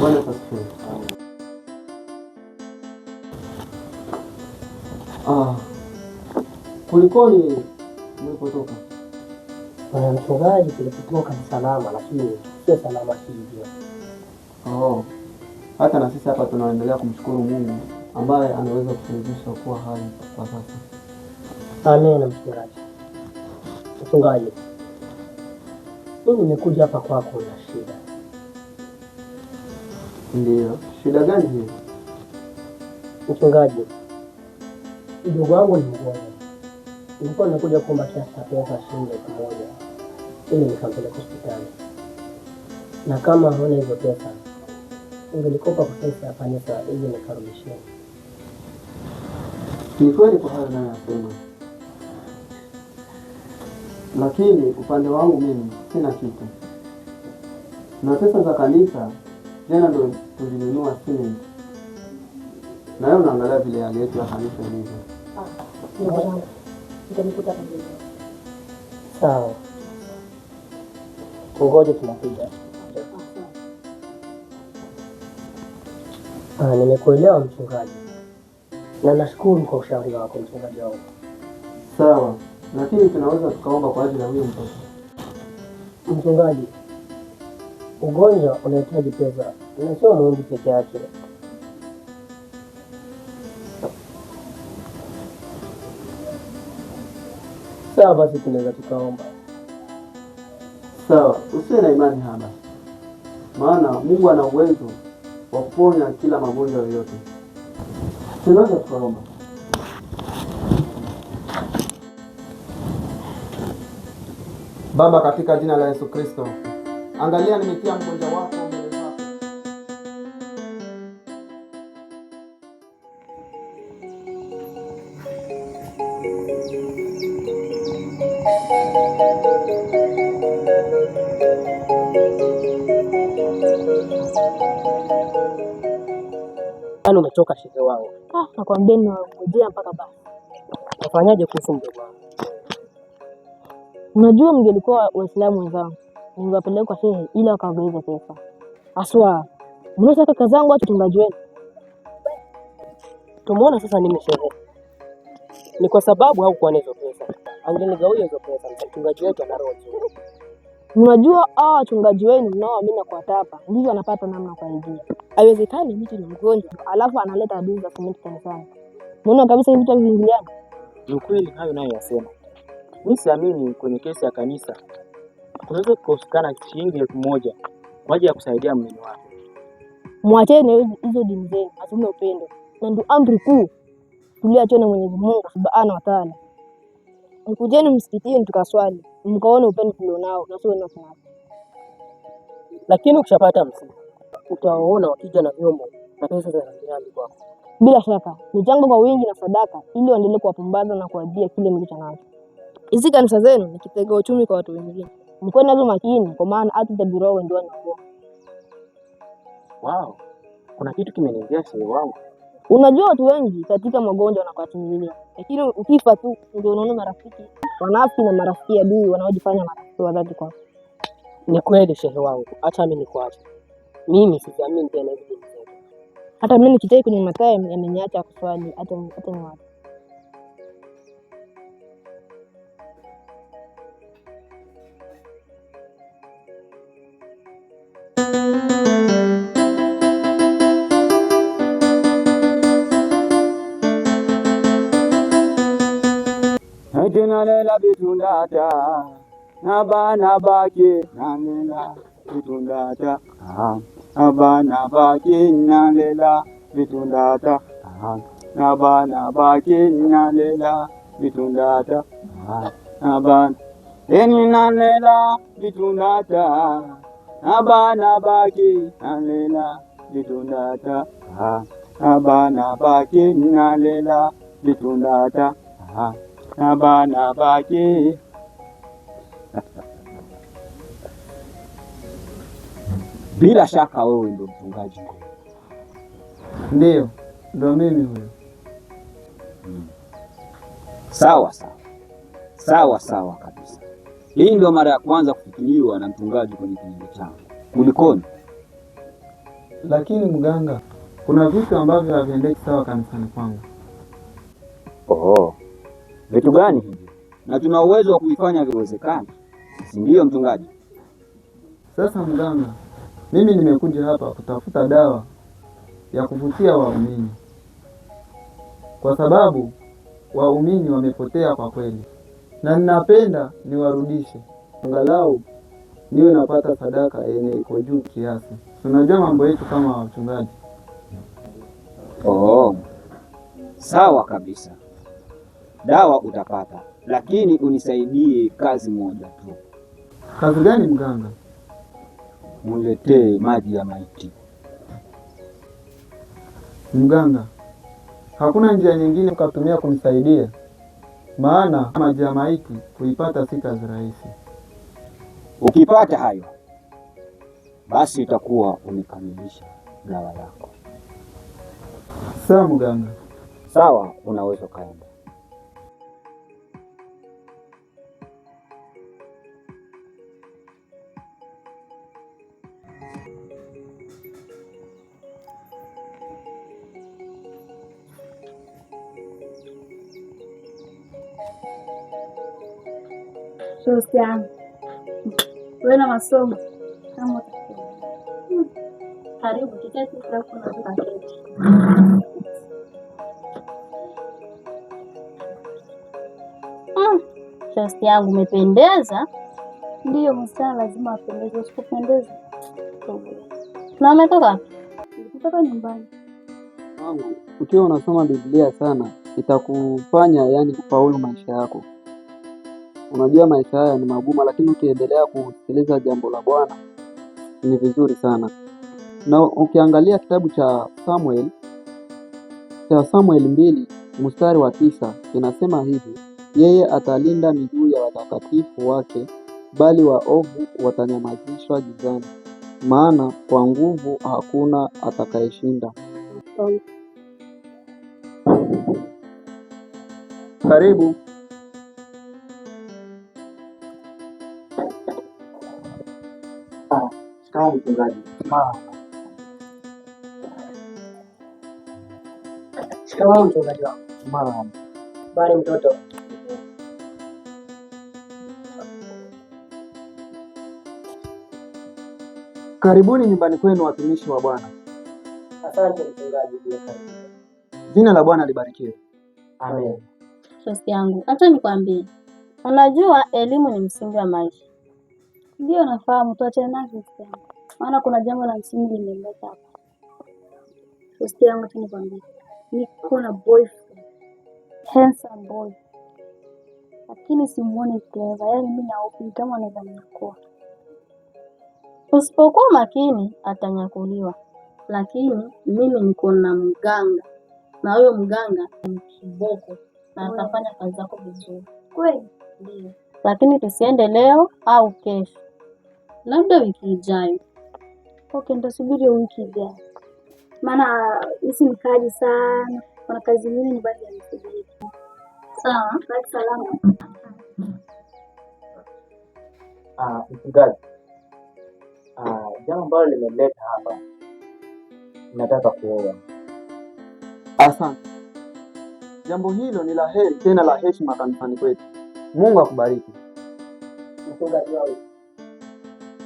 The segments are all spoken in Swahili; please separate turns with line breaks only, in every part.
Bwana asifiwe. Ah, kulikoni mlipotoka?
Bwana mchungaji, tulipotoka ni salama, lakini sio salama hivyo.
Oh, hata na sisi hapa tunaendelea kumshukuru Mungu ambaye anaweza kuturudisha kuwa hai kwa
sasa. Amen mchungaji. Mchungaji, mimi nimekuja hapa kwako na shida
ndio, shida gani hii?
Mchungaji, mdogo wangu ni mgonjwa, nilikuwa nakuja kuomba kiasi cha pesa shilingi elfu moja ili nikampeleka hospitali, na kama haona hizo pesa ungenikopa kwa pesa ya kanisa ili nikarudishia.
Ni kweli kwa hayo nayasema, lakini upande wangu mimi sina kitu na pesa za kanisa tena ndo tulinunua simenti, na wewe unaangalia vile hali yetu ya kanisa ilivyo.
Sawa, ngoja tunakuja. Ah, nimekuelewa mchungaji, na nashukuru kwa ushauri wako mchungaji wangu.
Sawa, lakini tunaweza tukaomba kwa ajili ya huyo mtoto
mchungaji. Ugonjwa unahitaji pesa na sio mwingi peke yake. Sawa basi, tunaweza tukaomba.
Sawa, usiwe na imani haba, maana Mungu ana uwezo wa kuponya kila magonjwa yoyote. Tunaweza tukaomba. Baba, katika jina la Yesu Kristo Angalia, nimetia mgonjwa wako mbele zako.
Yaani umetoka shehe wangu, ah, nakwambia
ninangojea mpaka basi. Nafanyaje kuhusu mdogo wangu? Unajua mgelikuwa Waislamu wenzangu niliwapeleka kwa shehe ili wakawagaiza pesa. Aswa mnaweza kaka zangu watu tungaji wenu tumuona. Sasa mimi shehe, ni kwa sababu haukuwa na hizo pesa, angeligawia hizo pesa. Mchungaji wetu ana roho nzuri. Unajua hawa wachungaji wenu mnaoamini na kuwatapa ndivyo anapata namna kwa njia. Haiwezekani mtu ni mgonjwa alafu analeta adui za simenti kanisani. Unaona kabisa hivi vitu vingiana. Ni kweli hayo nayo yasema. Mimi siamini kwenye kesi ya kanisa kunaweza kukosekana shilingi elfu moja kwa ajili ya kusaidia mume wako. Mwacheni hizo dini zenu, atume upendo na ndio amri kuu tuliachiwa na Mwenyezi Mungu Subhanahu wa Ta'ala. Mkujeni msikitini tukaswali, mkaona upendo tulionao na sio nafsi. Lakini ukishapata msiba utaona wakija na vyombo na pesa za jirani kwako. Bila shaka michango kwa wingi na sadaka, ili waendelee kuwapumbaza na kuwadia kile mlicho nacho. Hizi kanisa zenu ni kitega uchumi kwa watu wengine mkuwe nazo makini, kwa maana hata tabirowe ndio anakuwa
wow. Kuna kitu kimeniingia sio wangu. Unajua
watu wengi katika magonjwa wanakatumilia, lakini ukifa tu ndio unaona marafiki wanafiki na marafiki adui wanaojifanya marafiki wa kwako. Ni kweli
shehe wangu, hata mimi nikuacha. Mimi siamini tena hivi.
Hata mimi nikitaka kwenye mataya yameniacha kuswali hata hata
nanena bitundata nabana bake nanena bitundata nabana bake nalela bitundata nabana bake nalela bitundata nabana eni nanela bitundata nabana bake nalela bitundata nabana bake nalela bitundata na bana bake
bila shaka wewe ndio mchungaji Ngolo?
Ndio, ndio mimi huyo.
Sawa sawa sawa sawa kabisa. Hii ndio mara ya kwanza kufikiriwa na mchungaji kwenye kijiji changu. Kulikoni?
Lakini mganga, kuna vitu ambavyo haviendeki sawa kanisani kwangu.
Oh vitu gani hivi, na tuna uwezo wa kuifanya viwezekane, si ndiyo mchungaji?
Sasa mganga, mimi nimekuja hapa kutafuta dawa ya kuvutia waumini, kwa sababu waumini wamepotea kwa kweli, na ninapenda niwarudishe, angalau niwe napata sadaka yenye iko juu kiasi. Tunajua mambo yetu kama wachungaji.
Oh, sawa kabisa dawa utapata, lakini unisaidie kazi moja tu.
Kazi gani mganga?
Muletee maji ya maiti.
Mganga, hakuna njia nyingine ukatumia kunisaidia? Maana maji ya maiti kuipata si kazi rahisi.
Ukipata hayo basi utakuwa umekamilisha dawa yako. Sawa mganga. Sawa, unaweza ukaenda.
Usichana wewe na masomo kama karibu
shosti mm, yangu umependeza.
Ndiyo, msichana lazima apendeze, usipopendeza na umetoka kutoka nyumbani.
Ukiwa unasoma Biblia sana itakufanya yani kufaulu maisha yako. Unajua maisha haya ni magumu, lakini ukiendelea kusikiliza jambo la Bwana ni vizuri sana. Na ukiangalia kitabu cha Samuel cha Samuel mbili mstari wa tisa inasema hivi, yeye atalinda miguu ya watakatifu wake, bali waovu watanyamazishwa gizani, maana kwa nguvu hakuna atakayeshinda. Karibu.
Naam, mchungaji. Shikamoo mchungaji wangu. Naam. Habari mtoto?
Karibuni nyumbani kwenu watumishi wa Bwana.
Asante mchungaji.
Jina la Bwana libarikiwe.
Amen.
Shosti yangu, hata nikwambie, unajua elimu ni msingi wa maisha.
Ndio nafahamu, tuachane nazo maana kuna jambo la msingi limeleta hapa. Sikia yangu tu nikwambie, niko na boyfriend, handsome boy, lakini simuoni Cleva. Yani mimi naopi kama anaweza mnyakuwa.
Usipokuwa makini atanyakuliwa, lakini mimi niko na mganga, na huyo mganga ni kiboko na atafanya kazi zako vizuri
kweli, ndio.
Lakini tusiende leo au kesho,
labda wiki ijayo. Okay, nitasubiri wiki ijayo, maana hisi ni kazi sana, kuna kazi nyingi bado yanasubiri. Sawa, basi salama.
Ah, ah, jambo ambalo limeleta hapa, nataka kuoa.
Asante. Jambo hilo ni la heri tena la heshima kanisani kwetu. Mungu akubariki
mchungaji wangu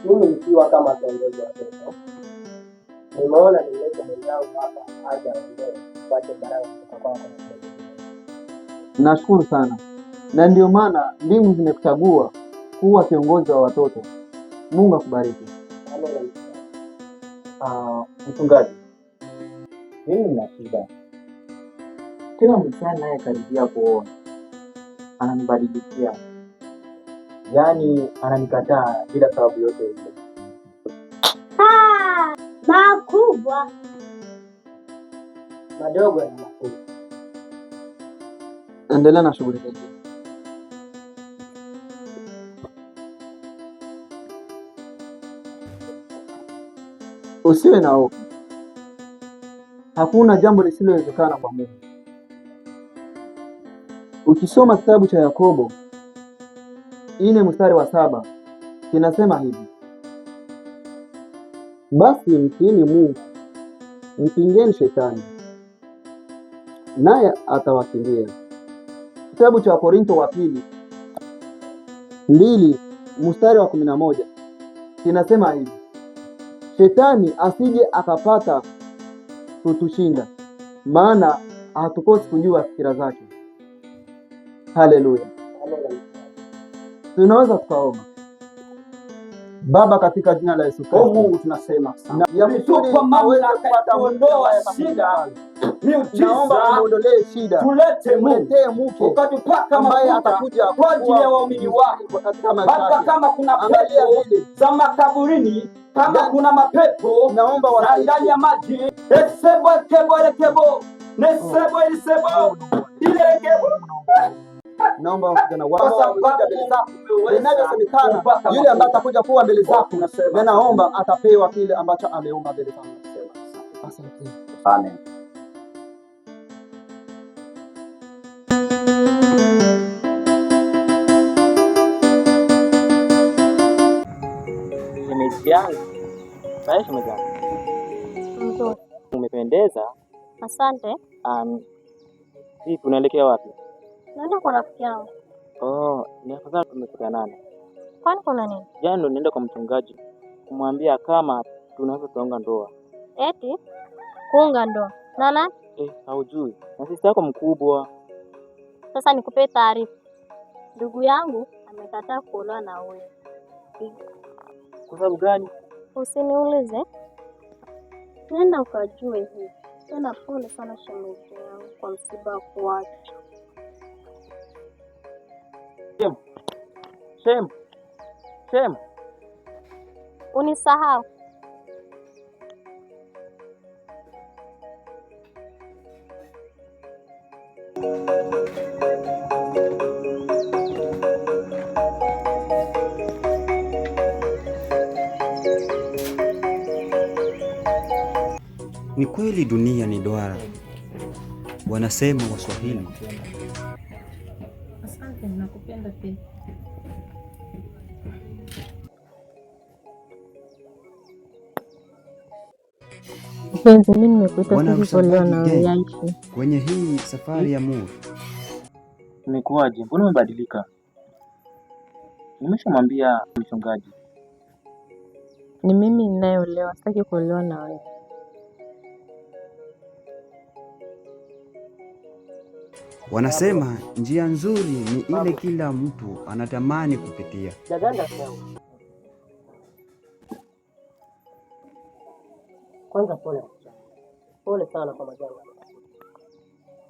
mimi nikiwa kama kiongozi wa kesho, nimeona nilete mwenzangu hapa aje aongee pate baraka kutoka kwako.
Nashukuru sana, na ndio maana ndimu zimekuchagua kuwa kiongozi wa watoto. Mungu akubariki.
Ah, mchungaji, mimi nina shida, kila mchana naye karibia kuoa ananibadilikia yaani ananikataa bila sababu yote ile.
Ah, makubwa
madogo na makubwa.
Endelea na shughuli zako. Usiwe na hofu, hakuna jambo lisilowezekana kwa Mungu. Ukisoma kitabu cha Yakobo nne mstari wa saba kinasema hivi: basi mtiini Mungu, mpingeni shetani naye atawakimbia. Kitabu cha Wakorintho wa pili mbili mstari wa kumi na moja kinasema hivi: shetani asije akapata kutushinda, maana hatukosi kujua fikira zake. Haleluya! tunaweza tukaomba. Baba, katika jina la Yesu Kristo tunasema kuondoa shida, naomba tuondolee shida, tulete mke ambaye atakuja kwa ajili ya waumini wako. Baba, kama kuna pepo za makaburini, kama kuna mapepo naomba wa ndani ya maji esebo kebo rekebo oh. nesebo ilisebo oh. ilerekebo naomba vijana wako vinavyosemekana, yule ambaye atakuja kuwa mbele zako, na naomba atapewa kile ambacho ameomba mbele zako. Asante. Amen.
shemeji yangu umependeza.
Asante. Um,
hii tunaelekea wapi? naenda kwa rafiki yangu. Oh, ni afadhali tumekutanana. Kwani kuna nini? Jana yaani ndo nienda kwa mchungaji kumwambia kama tunaweza tukaunga ndoa.
Eti kuunga ndoa na nani?
Eh, haujui na sisi yako mkubwa.
Sasa nikupee taarifa, ndugu yangu amekataa kuolewa na wewe.
Kwa sababu gani?
Usiniulize, nenda ukajue hivi. Tena pole sana shemeji yangu kwa msiba kuacha.
Shem. Shem. Shem.
Unisahau.
Ni kweli dunia ni duara, wanasema Waswahili.
Asante, nakupenda pia.
Penzi, mimi nimekuita
leo na yaishi kwenye hii safari ya Mungu.
Imekuwaje? Mbona umebadilika? Nimeshamwambia mchungaji,
ni mimi ninayeolewa, sitaki kuolewa na wewe.
Wanasema njia nzuri ni ile kila mtu anatamani kupitia.
Kwanza pole, pole sana kwa majanga.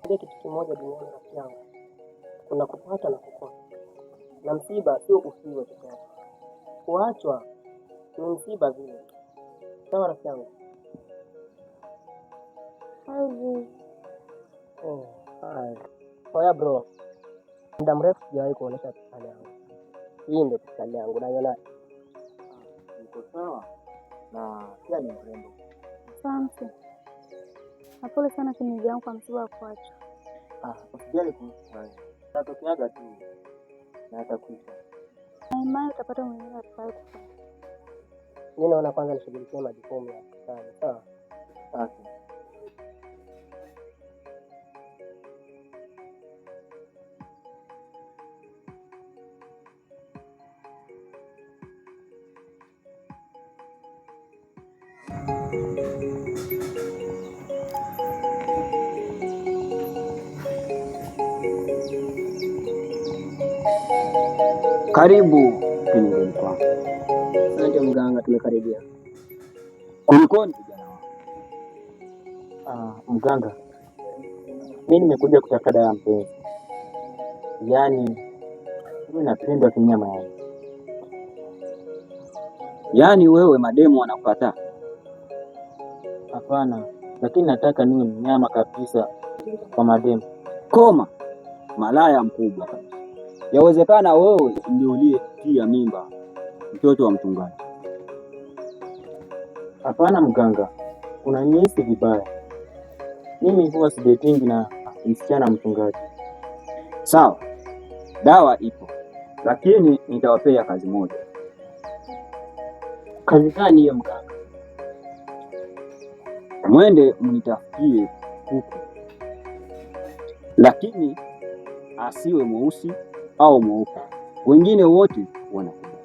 Kitu kimoja duniani, rafiki yangu, kuna kupata na kukosa, na msiba sio usiwe peke yake. Kuachwa ni msiba vile, sawa rafiki yangu? Oh, hai Oya bro, muda mrefu sijawahi kuonyesha pistali yangu. Hii ndio pistali yangu, naiona ah, iko sawa na pia ni mrembo.
Asante. pole sana kinija yangu kwa msiba wa kuacha.
Ah, usijali kuhusu hayo, natokeaga tu na hata kuisha. Naimani
utapata mwingine atakaye kufaa.
naona kwanza nishughulikie majukumu ya pistali, sawa? Okay.
Karibu pinigeni kwako. Asante
mganga, tumekaribia.
Kulikoni kijana wangu?
Ah, mganga, mimi nimekuja kutaka dawa ya mpenzi, yaani mimi napendwa kinyama yani.
Yaani wewe mademu wanakukataa?
Hapana, lakini nataka niwe mnyama kabisa kwa mademu.
Koma malaya mkubwa kabisa Yawezekana wewe ndio uliyetia mimba mtoto wa mchungaji.
Hapana mganga, unanihisi vibaya. Mimi huwa sidetingi na msichana mchungaji.
Sawa, dawa ipo, lakini nitawapea kazi moja.
Kazi gani hiyo mganga?
Mwende mnitafutie kuku, lakini asiwe mweusi au mweupe, wengine wote wanakubali.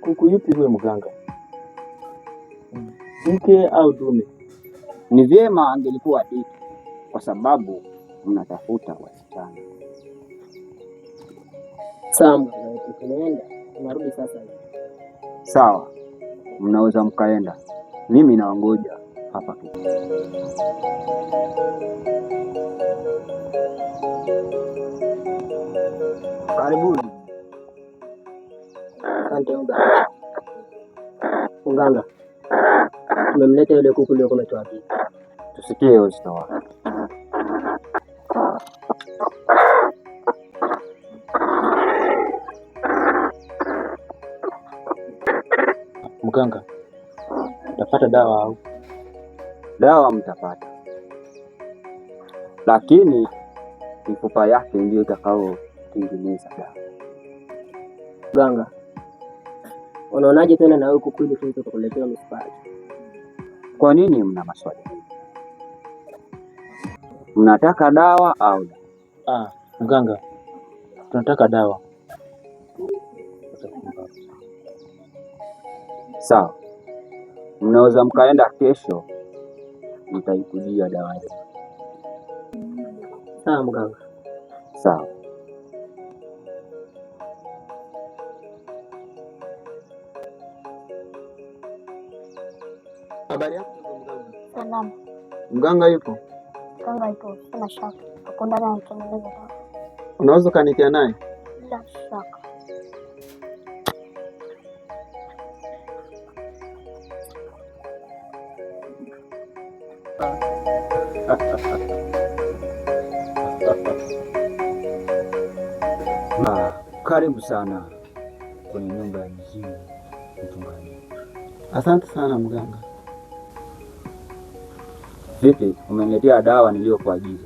Kuku yupi huyo mganga, mke au dume?
Ni vyema angelikuwa diki, kwa sababu mnatafuta wasichana.
Sawa, tunaenda tunarudi sasa
Sawa, mnaweza mkaenda, mimi nawangoja hapa. Karibuni.
Asante mganga. Mganga, yule kuku leo kuna
Tusikie uzito wake.
Mganga, utapata dawa au
dawa? Mtapata, lakini mifupa yake ndiyo itakao kutengeneza dawa.
Mganga, unaonaje tena na huku kweli tulizokuletea mispaji?
Kwa nini mna maswali? Mnataka dawa
au? Ah, mganga, tunataka dawa.
Sawa, mnaweza mkaenda kesho, mtaikujia dawa hiyo. Sawa mganga, sawa. Habari yako Salama. Mganga yupo?
Mganga yupo, sina shaka. Uko ndani ya Unaweza
ukanitia naye? Bila shaka. Ma, karibu sana kwenye nyumba ya mzimu mchungaji. Asante sana mganga. Vipi, umeniletea dawa niliyokuagiza?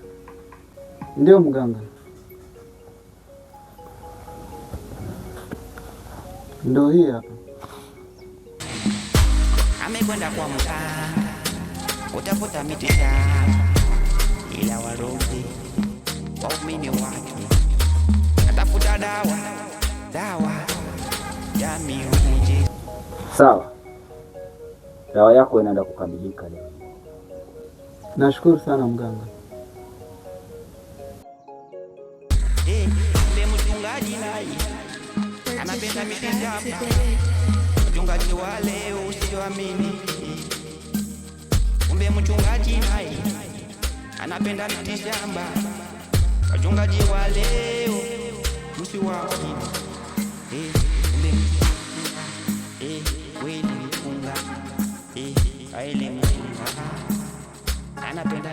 Ndio mganga, ndio hii hapa. Amekwenda kwa mganga kutafuta miti shamba, ila warogi waumini wake atafuta dawa dawa ya miujiza. Sawa, dawa yako inaenda kukamilika leo. Nashukuru sana mganga. Mchungaji wa leo usiyoamini, kumbe mchungaji naye anapenda miti shamba. Wachungaji wa leo msiwaamini, kumbe kweli mchungaji aile mchungaji anapenda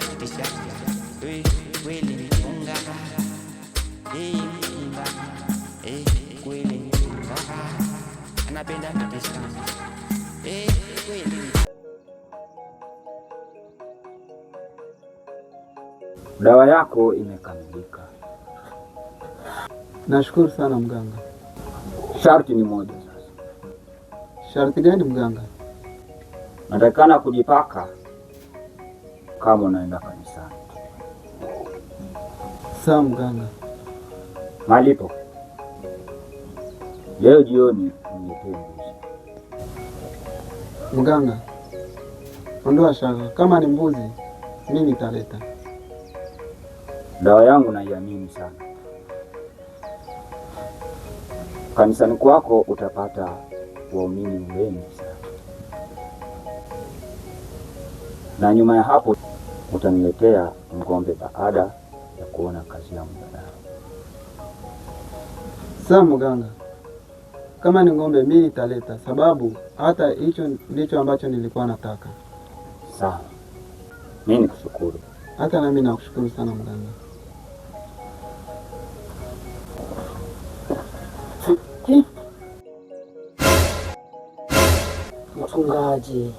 kweli mimba, kweli anapenda kweli. Dawa yako imekamilika. Nashukuru sana mganga. Sharti ni moja sasa. Sharti gani mganga? Natakikana kujipaka kama unaenda kanisani. Sawa mganga. Malipo leo jioni niletee mbuzi. Mganga, ondoa shaka, kama ni mbuzi mimi nitaleta. Dawa yangu naiamini sana. Kanisani kwako utapata waumini wengi sana, na nyuma ya hapo utaniletea mgombe baada ya kuona kazi yangu. Saa mganga, kama ni ng'ombe mimi nitaleta, sababu hata hicho ndicho ambacho nilikuwa nataka. Sawa, mimi nikushukuru. Hata nami nakushukuru sana mganga. Mchungaji